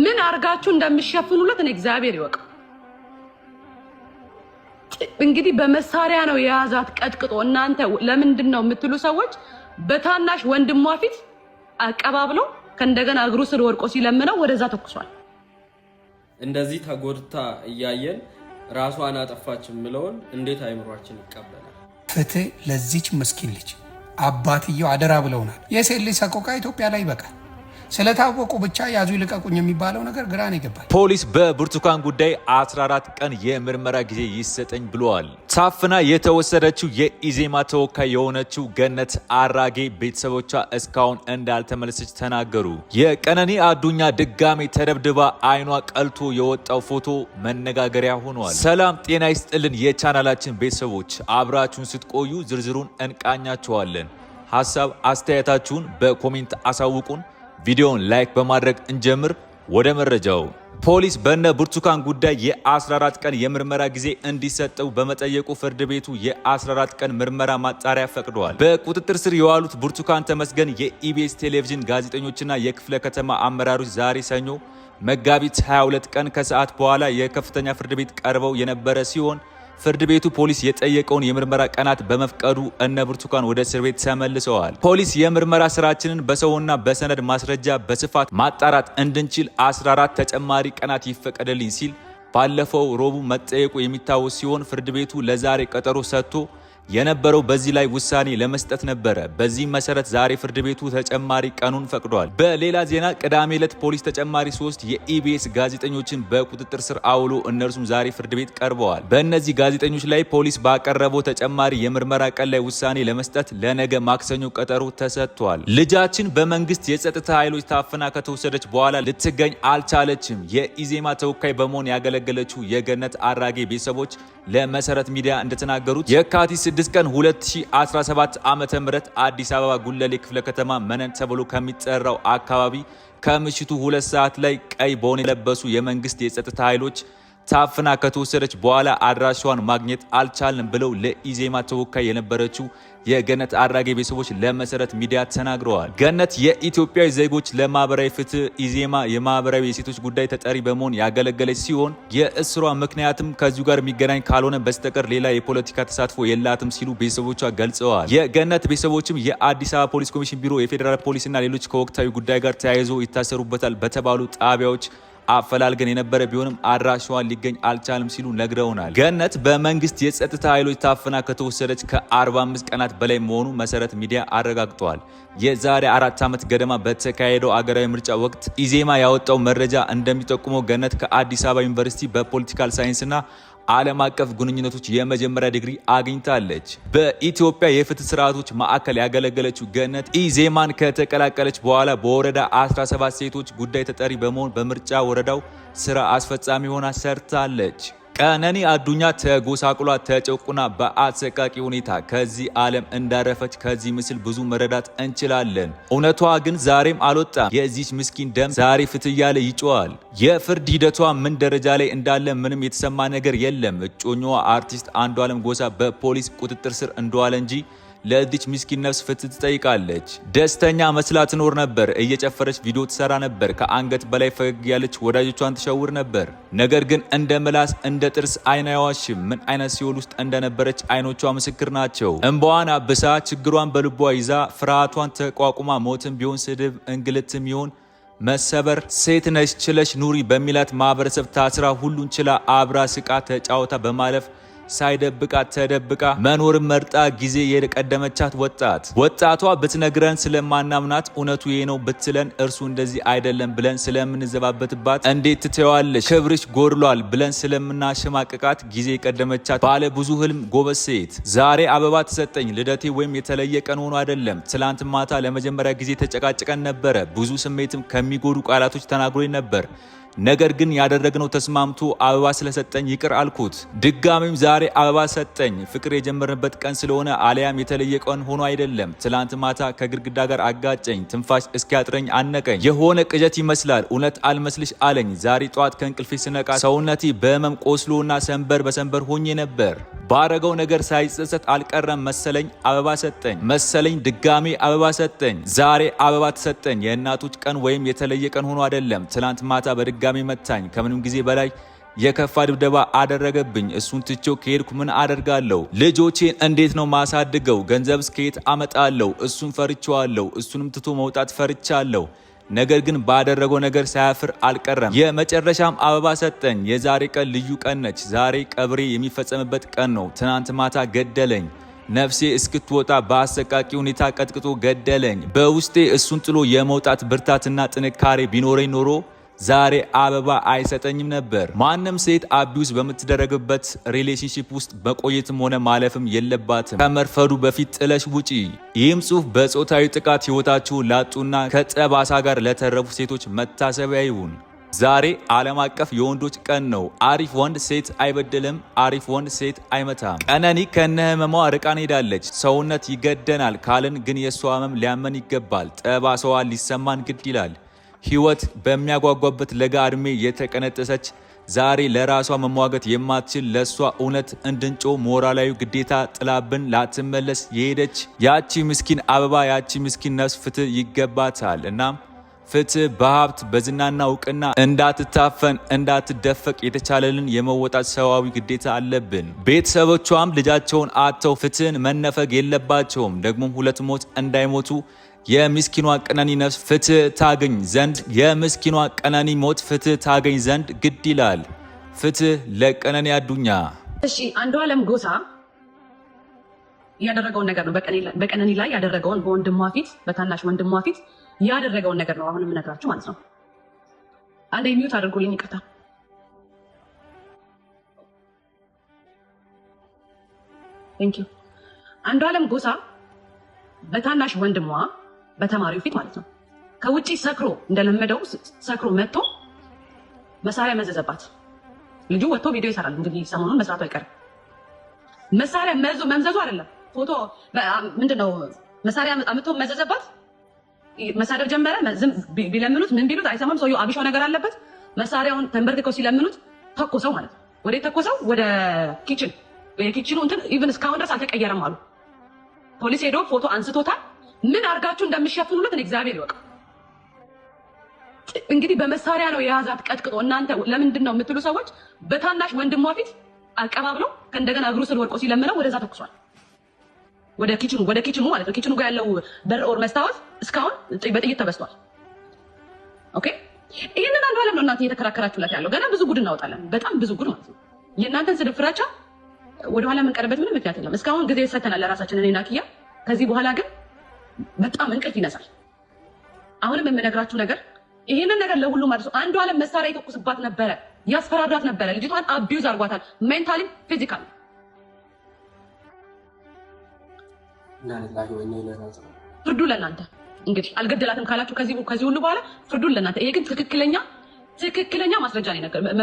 ምን አርጋችሁ እንደምሸፍኑለት እኔ እግዚአብሔር ይወቅ። እንግዲህ በመሳሪያ ነው የያዛት ቀጥቅጦ። እናንተ ለምንድን ነው የምትሉ ሰዎች በታናሽ ወንድሟ ፊት አቀባብሎ ከእንደገና እግሩ ስር ወድቆ ሲለምነው ወደዛ ተኩሷል። እንደዚህ ተጎድታ እያየን ራሷን አጠፋች የምለውን እንዴት አይምሯችን ይቀበላል? ፍትህ ለዚች ምስኪን ልጅ አባትየው አደራ ብለውናል። የሴት ልጅ ሰቆቃ ኢትዮጵያ ላይ ይበቃል። ስለታወቁ ብቻ ያዙ ይልቀቁኝ የሚባለው ነገር ግራ ነው የገባኝ። ፖሊስ በብርቱካን ጉዳይ 14 ቀን የምርመራ ጊዜ ይሰጠኝ ብለዋል። ታፍና የተወሰደችው የኢዜማ ተወካይ የሆነችው ገነት አራጌ ቤተሰቦቿ እስካሁን እንዳልተመለሰች ተናገሩ። የቀነኒ አዱኛ ድጋሜ ተደብድባ አይኗ ቀልቶ የወጣው ፎቶ መነጋገሪያ ሆኗል። ሰላም ጤና ይስጥልን የቻናላችን ቤተሰቦች አብራችሁን ስትቆዩ ዝርዝሩን እንቃኛቸዋለን። ሀሳብ አስተያየታችሁን በኮሜንት አሳውቁን። ቪዲዮውን ላይክ በማድረግ እንጀምር። ወደ መረጃው ፖሊስ በነ ብርቱካን ጉዳይ የ14 ቀን የምርመራ ጊዜ እንዲሰጠው በመጠየቁ ፍርድ ቤቱ የ14 ቀን ምርመራ ማጣሪያ ፈቅደዋል። በቁጥጥር ስር የዋሉት ብርቱካን ተመስገን የኢቢኤስ ቴሌቪዥን ጋዜጠኞችና የክፍለ ከተማ አመራሮች ዛሬ ሰኞ መጋቢት 22 ቀን ከሰዓት በኋላ የከፍተኛ ፍርድ ቤት ቀርበው የነበረ ሲሆን ፍርድ ቤቱ ፖሊስ የጠየቀውን የምርመራ ቀናት በመፍቀዱ እነ ብርቱካን ወደ እስር ቤት ተመልሰዋል። ፖሊስ የምርመራ ስራችንን በሰውና በሰነድ ማስረጃ በስፋት ማጣራት እንድንችል 14 ተጨማሪ ቀናት ይፈቀደልኝ ሲል ባለፈው ሮቡ መጠየቁ የሚታወስ ሲሆን ፍርድ ቤቱ ለዛሬ ቀጠሮ ሰጥቶ የነበረው በዚህ ላይ ውሳኔ ለመስጠት ነበረ። በዚህም መሰረት ዛሬ ፍርድ ቤቱ ተጨማሪ ቀኑን ፈቅዷል። በሌላ ዜና ቅዳሜ ዕለት ፖሊስ ተጨማሪ ሶስት የኢቢኤስ ጋዜጠኞችን በቁጥጥር ስር አውሎ እነርሱም ዛሬ ፍርድ ቤት ቀርበዋል። በእነዚህ ጋዜጠኞች ላይ ፖሊስ ባቀረበው ተጨማሪ የምርመራ ቀን ላይ ውሳኔ ለመስጠት ለነገ ማክሰኞ ቀጠሮ ተሰጥቷል። ልጃችን በመንግስት የጸጥታ ኃይሎች ታፍና ከተወሰደች በኋላ ልትገኝ አልቻለችም። የኢዜማ ተወካይ በመሆን ያገለገለችው የገነት አራጌ ቤተሰቦች ለመሰረት ሚዲያ እንደተናገሩት የካቲስ 6 ቀን 2017 ዓ ም አዲስ አበባ ጉለሌ ክፍለ ከተማ መነን ተብሎ ከሚጠራው አካባቢ ከምሽቱ ሁለት ሰዓት ላይ ቀይ ቦን የለበሱ የመንግስት የጸጥታ ኃይሎች ታፍና ከተወሰደች በኋላ አድራሻዋን ማግኘት አልቻልንም ብለው ለኢዜማ ተወካይ የነበረችው የገነት አድራጊ ቤተሰቦች ለመሰረት ሚዲያ ተናግረዋል። ገነት የኢትዮጵያ ዜጎች ለማህበራዊ ፍትህ ኢዜማ የማህበራዊ የሴቶች ጉዳይ ተጠሪ በመሆን ያገለገለች ሲሆን የእስሯ ምክንያትም ከዚሁ ጋር የሚገናኝ ካልሆነ በስተቀር ሌላ የፖለቲካ ተሳትፎ የላትም ሲሉ ቤተሰቦቿ ገልጸዋል። የገነት ቤተሰቦችም የአዲስ አበባ ፖሊስ ኮሚሽን ቢሮ፣ የፌዴራል ፖሊስና ሌሎች ከወቅታዊ ጉዳይ ጋር ተያይዞ ይታሰሩበታል በተባሉ ጣቢያዎች አፈላልገን የነበረ ቢሆንም አድራሻዋን ሊገኝ አልቻለም ሲሉ ነግረውናል። ገነት በመንግስት የጸጥታ ኃይሎች ታፍና ከተወሰደች ከ45 ቀናት በላይ መሆኑ መሰረት ሚዲያ አረጋግጧል። የዛሬ አራት ዓመት ገደማ በተካሄደው አገራዊ ምርጫ ወቅት ኢዜማ ያወጣው መረጃ እንደሚጠቁመው ገነት ከአዲስ አበባ ዩኒቨርሲቲ በፖለቲካል ሳይንስና ዓለም አቀፍ ግንኙነቶች የመጀመሪያ ዲግሪ አግኝታለች። በኢትዮጵያ የፍትህ ስርዓቶች ማዕከል ያገለገለችው ገነት ኢዜማን ከተቀላቀለች በኋላ በወረዳ 17 ሴቶች ጉዳይ ተጠሪ በመሆን በምርጫ ወረዳው ስራ አስፈጻሚ ሆና ሰርታለች። ቀነኒ አዱኛ ተጎሳቁላ ተጨቁና በአሰቃቂ ሁኔታ ከዚህ ዓለም እንዳረፈች ከዚህ ምስል ብዙ መረዳት እንችላለን። እውነቷ ግን ዛሬም አልወጣም። የዚች ምስኪን ደም ዛሬ ፍትህ እያለ ይጮዋል። የፍርድ ሂደቷ ምን ደረጃ ላይ እንዳለ ምንም የተሰማ ነገር የለም። እጮኛዋ አርቲስት ዓለም ጎሳ በፖሊስ ቁጥጥር ስር እንደዋለ እንጂ ለዚች ምስኪን ነፍስ ፍትህ ትጠይቃለች። ደስተኛ መስላ ትኖር ነበር። እየጨፈረች ቪዲዮ ትሰራ ነበር። ከአንገት በላይ ፈገግ ያለች ወዳጆቿን ትሸውር ነበር። ነገር ግን እንደ ምላስ እንደ ጥርስ አይን አይዋሽም። ምን አይነት ሲኦል ውስጥ እንደነበረች አይኖቿ ምስክር ናቸው። እንባዋን አብሳ ችግሯን በልቧ ይዛ ፍርሃቷን ተቋቁማ ሞትም ቢሆን ስድብ፣ እንግልትም ይሆን መሰበር ሴት ነች ችለሽ ኑሪ በሚላት ማህበረሰብ ታስራ ሁሉን ችላ አብራ ስቃ ተጫውታ በማለፍ ሳይደብቃት ተደብቃ መኖርን መርጣ ጊዜ የቀደመቻት ወጣት። ወጣቷ ብትነግረን ስለማናምናት እውነቱ ይሄ ነው ብትለን እርሱ እንደዚህ አይደለም ብለን ስለምንዘባበትባት እንዴት ትተዋለች ክብርሽ ጎድሏል ብለን ስለምናሸማቅቃት ጊዜ የቀደመቻት ባለ ብዙ ህልም ጎበዝ ሴት። ዛሬ አበባ ተሰጠኝ ልደቴ ወይም የተለየ ቀን ሆኖ አይደለም። ትላንት ማታ ለመጀመሪያ ጊዜ ተጨቃጭቀን ነበረ። ብዙ ስሜትም ከሚጎዱ ቃላቶች ተናግሮኝ ነበር። ነገር ግን ያደረግነው ተስማምቶ አበባ ስለሰጠኝ ይቅር አልኩት። ድጋሚም ዛሬ አበባ ሰጠኝ። ፍቅር የጀመርንበት ቀን ስለሆነ አሊያም የተለየ ቀን ሆኖ አይደለም። ትላንት ማታ ከግድግዳ ጋር አጋጨኝ። ትንፋሽ እስኪያጥረኝ አነቀኝ። የሆነ ቅዠት ይመስላል። እውነት አልመስልሽ አለኝ። ዛሬ ጠዋት ከእንቅልፌ ስነቃ ሰውነቴ በህመም ቆስሎና ሰንበር በሰንበር ሆኜ ነበር። ባረገው ነገር ሳይጸጸት አልቀረም መሰለኝ አበባ ሰጠኝ መሰለኝ ድጋሜ አበባ ሰጠኝ ዛሬ አበባ ተሰጠኝ። የእናቶች ቀን ወይም የተለየ ቀን ሆኖ አይደለም። ትናንት ማታ በድጋሜ መታኝ። ከምንም ጊዜ በላይ የከፋ ድብደባ አደረገብኝ። እሱን ትቼው ከሄድኩ ምን አደርጋለሁ? ልጆቼን እንዴት ነው ማሳድገው? ገንዘብ ከየት አመጣለሁ? እሱን ፈርቼዋለሁ። እሱንም ትቶ መውጣት ፈርቻለሁ። ነገር ግን ባደረገው ነገር ሳያፍር አልቀረም። የመጨረሻም አበባ ሰጠኝ። የዛሬ ቀን ልዩ ቀን ነች። ዛሬ ቀብሬ የሚፈጸምበት ቀን ነው። ትናንት ማታ ገደለኝ። ነፍሴ እስክትወጣ በአሰቃቂ ሁኔታ ቀጥቅጦ ገደለኝ። በውስጤ እሱን ጥሎ የመውጣት ብርታትና ጥንካሬ ቢኖረኝ ኖሮ ዛሬ አበባ አይሰጠኝም ነበር። ማንም ሴት አቢውስ በምትደረግበት ሪሌሽንሺፕ ውስጥ መቆየትም ሆነ ማለፍም የለባትም። ከመርፈዱ በፊት ጥለሽ ውጪ። ይህም ጽሑፍ በጾታዊ ጥቃት ሕይወታችሁን ላጡና ከጠባሳ ጋር ለተረፉ ሴቶች መታሰቢያ ይሁን። ዛሬ ዓለም አቀፍ የወንዶች ቀን ነው። አሪፍ ወንድ ሴት አይበድልም። አሪፍ ወንድ ሴት አይመታም። ቀነኒ ከነ ህመሟ ርቃን ሄዳለች። ሰውነት ይገደናል ካልን ግን የእሷ ህመም ሊያመን ይገባል። ጠባሳዋ ሊሰማን ግድ ይላል። ህይወት በሚያጓጓበት ለጋ እድሜ የተቀነጠሰች ዛሬ ለራሷ መሟገት የማትችል ለእሷ እውነት እንድንጮ ሞራላዊ ግዴታ ጥላብን ላትመለስ የሄደች ያቺ ምስኪን አበባ ያቺ ምስኪን ነፍስ ፍትህ ይገባታል። እናም ፍትህ በሀብት በዝናና እውቅና እንዳትታፈን እንዳትደፈቅ የተቻለልን የመወጣት ሰብአዊ ግዴታ አለብን። ቤተሰቦቿም ልጃቸውን አጥተው ፍትህን መነፈግ የለባቸውም። ደግሞም ሁለት ሞት እንዳይሞቱ የምስኪኗ ቀነኒ ነፍስ ፍትህ ታገኝ ዘንድ የምስኪኗ ቀነኒ ሞት ፍትህ ታገኝ ዘንድ ግድ ይላል። ፍትህ ለቀነኒ አዱኛ። እሺ አለም ጎሳ ያደረገውን ነገር ነው። በቀነኒ ላይ ያደረገውን በወንድሟ ፊት በታናሽ ወንድሟ ፊት ያደረገውን ነገር ነው አሁን የምነግራችሁ ማለት ነው። አንድ ሚዩት አድርጉልኝ፣ ይቅርታ። አለም ጎሳ በታናሽ ወንድሟ በተማሪው ፊት ማለት ነው። ከውጭ ሰክሮ እንደለመደው ሰክሮ መጥቶ መሳሪያ መዘዘባት። ልጁ ወጥቶ ቪዲዮ ይሰራል እንግዲህ ሰሞኑን መስራቱ አይቀርም። መሳሪያ መዞ መምዘዙ አይደለም ፎቶ ምንድነው መሳሪያ አምጥቶ መዘዘባት። መሳደብ ጀመረ። ቢለምኑት ምን ቢሉት አይሰማም። ሰውየው አብሻው ነገር አለበት። መሳሪያውን ተንበርክከው ሲለምኑት ተኮሰው ማለት ነው። ወደ ተኮሰው ወደ ኪችን የኪችኑ እንትን ኢቭን እስካሁን ድረስ አልተቀየረም አሉ። ፖሊስ ሄዶ ፎቶ አንስቶታል። ምን አድርጋችሁ እንደምሸፍኑለት እኔ እግዚአብሔር ይወቅ። እንግዲህ በመሳሪያ ነው የያዛት ቀጥቅጦ። እናንተ ለምንድን ነው የምትሉ ሰዎች በታናሽ ወንድሟ ፊት አቀባብሎ እንደገና እግሩ ስር ወድቆ ሲለምነው ወደዛ ተኩሷል። ወደ ኪችኑ ወደ ኪችኑ ማለት ነው። ኪችኑ ጋር ያለው በር ኦር መስታወት እስካሁን በጥይት ተበስቷል። ኦኬ ይህንን አንዱ አለም ነው እናንተ እየተከራከራችሁላት ያለው። ገና ብዙ ጉድ እናወጣለን። በጣም ብዙ ጉድ ማለት ነው። የእናንተን ስድብ ፍራቻ ወደኋላ የምንቀርበት ምንም ምክንያት የለም። እስካሁን ጊዜ ሰተናል ለራሳችን እኔና ኪያ። ከዚህ በኋላ ግን በጣም እንቅልፍ ይነሳል። አሁንም የምነግራችሁ ነገር ይህንን ነገር ለሁሉ ማድረሱ አንዱ አለም መሳሪያ የተኩስባት ነበረ፣ ያስፈራራት ነበረ። ልጅቷን አቢዩዝ አርጓታል፣ ሜንታሊም ፊዚካል። ፍርዱ ለእናንተ እንግዲህ አልገደላትም ካላችሁ ከዚህ ሁሉ በኋላ ፍርዱን ለእናንተ። ይሄ ግን ትክክለኛ ትክክለኛ ማስረጃ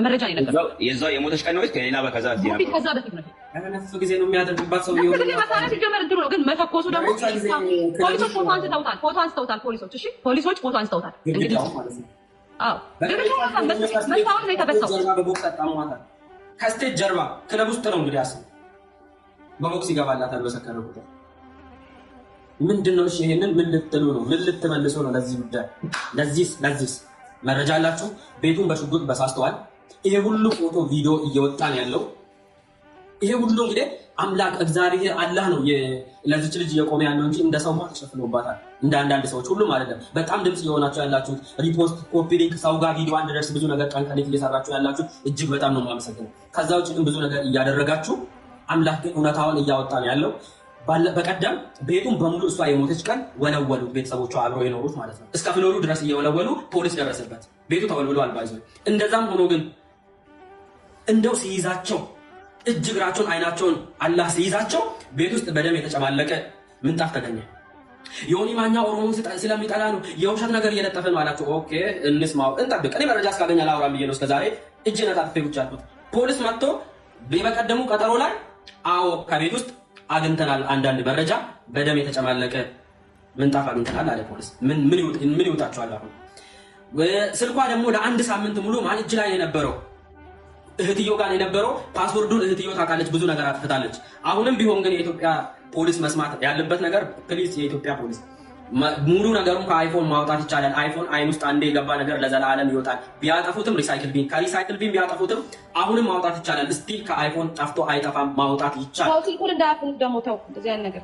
መረጃ ነው የነገርኩት። የዛው የሞተች ቀን ነው ከሌላ ከዛ በፊት ነው ጊዜ ነው የሚያደርግባት ሰው ጊዜ መሳሪያ ሲጀመር ግን መተኮሱ ደግሞ ፖሊሶች ፎቶ አንስተውታል። ፎቶ አንስተውታል ፖሊሶች። እሺ ፖሊሶች ፎቶ አንስተውታል። እንግዲህ ጀርባ ክለብ ውስጥ ነው እንግዲህ አስብ። በቦክስ ይገባላታል በሰከረ ቁጥር ምንድን ነው? እሺ ይሄንን ምን ልትሉ ነው? ምን ልትመልሱ ነው? ለዚህ ጉዳይ ለዚህስ ለዚህስ መረጃ አላችሁ? ቤቱን በሽጉጥ በሳስተዋል። ይሄ ሁሉ ፎቶ ቪዲዮ እየወጣ ያለው ይሄ ሁሉ እንግዲህ አምላክ እግዚአብሔር አላህ ነው ለዚች ልጅ እየቆመ ያለው እንጂ እንደ ሰው ተሸፍኖባታል። እንደ አንዳንድ ሰዎች ሁሉም አይደለም። በጣም ድምፅ እየሆናችሁ ያላችሁት ሪፖስት፣ ኮፒ ሊንክ፣ ሰው ጋር ቪዲዮ አንድ ደርስ ብዙ ነገር ቀን ከሌት እየሰራችሁ ያላችሁ እጅግ በጣም ነው የማመሰግነው። ከዛ ውጭ ግን ብዙ ነገር እያደረጋችሁ አምላክ ግን እውነታውን እያወጣ ነው ያለው። በቀደም ቤቱን በሙሉ እሷ የሞተች ቀን ወለወሉ ቤተሰቦቿ አብረው የኖሩት ማለት ነው። እስከ ፍሎሩ ድረስ እየወለወሉ ፖሊስ ደረሰበት። ቤቱ ተወልብሎ አልባይዞ። እንደዛም ሆኖ ግን እንደው ሲይዛቸው እጅ እግራቸውን አይናቸውን አላህ ሲይዛቸው ቤት ውስጥ በደም የተጨማለቀ ምንጣፍ ተገኘ። የሆኒ ማኛ ኦሮሞን ስለሚጠላ ነው የውሸት ነገር እየለጠፈ ነው አላቸው። ኦኬ እንስማው፣ እንጠብቅ። እኔ መረጃ እስካገኝ አላወራም ብዬ ነው እስከዛሬ እጅ ነጣጥፌ ብቻ አልኩት። ፖሊስ መጥቶ በቀደሙ ቀጠሮ ላይ አዎ ከቤት ውስጥ አግኝተናል አንዳንድ መረጃ በደም የተጨማለቀ ምንጣፍ አግኝተናል አለ ፖሊስ። ምን ይውጣችኋል? አሁን ስልኳ ደግሞ ለአንድ ሳምንት ሙሉ ማን እጅ ላይ የነበረው እህትዮ ጋር የነበረው ፓስወርዱን እህትዮ ታውቃለች፣ ብዙ ነገር አትፈታለች። አሁንም ቢሆን ግን የኢትዮጵያ ፖሊስ መስማት ያለበት ነገር ፕሊዝ፣ የኢትዮጵያ ፖሊስ ሙሉ ነገሩን ከአይፎን ማውጣት ይቻላል። አይፎን አይን ውስጥ አንዴ የገባ ነገር ለዘላለም ይወጣል። ቢያጠፉትም ሪሳይክል ቢን ከሪሳይክል ቢን ቢያጠፉትም አሁንም ማውጣት ይቻላል። ስቲል ከአይፎን ጠፍቶ አይጠፋም፣ ማውጣት ይቻላል። ስልኩን እንዳያፍኑት ደግሞ ተው። ነገር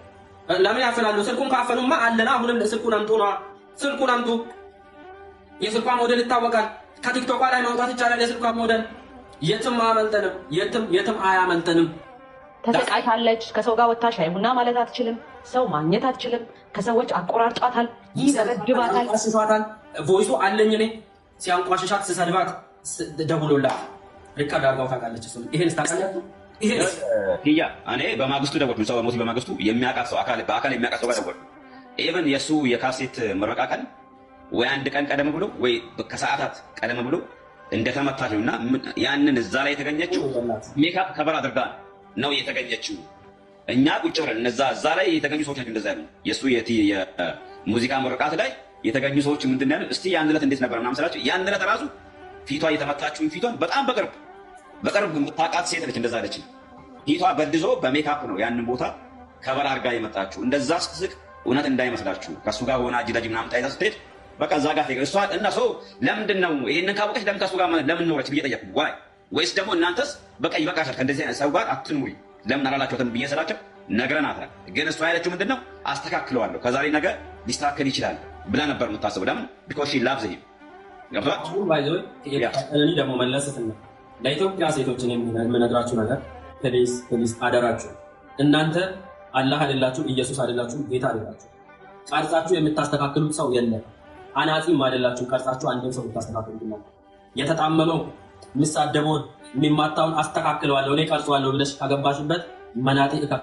ለምን ያፈናሉ? ስልኩን ካፈኑማ አለና አሁንም ስልኩን አምጡ ነዋ። ስልኩን አምጡ። የስልኳ ሞዴል ይታወቃል። ከቲክቶኳ ላይ ማውጣት ይቻላል። የስልኳ ሞዴል የትም አያመልጠንም፣ የትም የትም አያመልጠንም። ተሰቃይታለች። ከሰው ጋር ወጥታ ሻይ ቡና ማለት አትችልም። ሰው ማግኘት አትችልም። ከሰዎች አቆራርጧታል፣ ይዘበድባታል፣ ያንቋሽሿታል። ቮይሱ አለኝ እኔ ሲያንቋሸሻት ስሰድባት ደውሎላት ሪከርድ አድርጋው ታውቃለች። ይሄን ስታውቃለች ያ እኔ በማግስቱ ደወልኩኝ። ሰው በሞት በማግስቱ የሚያውቃት ሰው በአካል የሚያውቃት ሰው ጋር ደወልኩኝ። ኢቨን የእሱ የካሴት ምረቃ ቀን ወይ አንድ ቀን ቀደም ብሎ ወይ ከሰዓታት ቀደም ብሎ እንደተመታች እና ያንን እዛ ላይ የተገኘችው ሜካፕ ከበር አድርጋ ነው የተገኘችው። እኛ ቁጭ ብለን እነዛ እዛ ላይ የተገኙ ሰዎች ናቸው እንደዛ ያሉ የእሱ የሙዚቃ ምርቃት ላይ የተገኙ ሰዎች ምንድን ያሉ እስቲ ያን ዕለት እንዴት ነበር ምናምን ስላቸው ያን ዕለት ራሱ ፊቷ የተመታችውን ፊቷን በጣም በቅርብ በቅርብ የምታውቃት ሴት ነች። እንደዛ አለች። ፊቷ በድዞ በሜካፕ ነው ያንን ቦታ ከበር አድርጋ የመጣችሁ። እንደዛ ስትስቅ እውነት እንዳይመስላችሁ ከእሱ ጋር ሆና እጅ ምናምን ታይታ ስትሄድ በቃ እዛ ጋር እሷ እና ሰው ለምንድን ነው ይሄንን ካወቀች ለምን ከሱ ጋር ለምን ኖረች ብዬ ጠየቅኩ። ዋይ ወይስ ደግሞ እናንተስ በቃ ይበቃሻል ከእንደዚህ አይነት ሰው ጋር አትኑሪ ለምን አላላችሁትም ብዬ ስላቸው ነግረናት ግን እሷ ያለችው ምንድን ነው አስተካክለዋለሁ ከዛሬ ነገ ሊስተካከል ይችላል ብላ ነበር የምታስበው። ለምን ቢኮሽ ላብዝ ይሄ ገብቷል ደግሞ መለስት ነው ለኢትዮጵያ ሴቶችን የምነግራችሁ ነገር ፕሊስ ፕሊስ አደራችሁ እናንተ አላህ አይደላችሁም፣ ኢየሱስ አይደላችሁም፣ ጌታ አይደላችሁም። ቀርጻችሁ የምታስተካክሉት ሰው የለም። አናጺም አይደላችሁ ቀርጻችሁ አንድም ሰው ታስተካክሉና የተጣመመው የሚሳደበውን የሚማታውን አስተካክለዋለሁ እኔ ቀርጸዋለሁ ብለሽ ከገባሽበት መናጤ እካ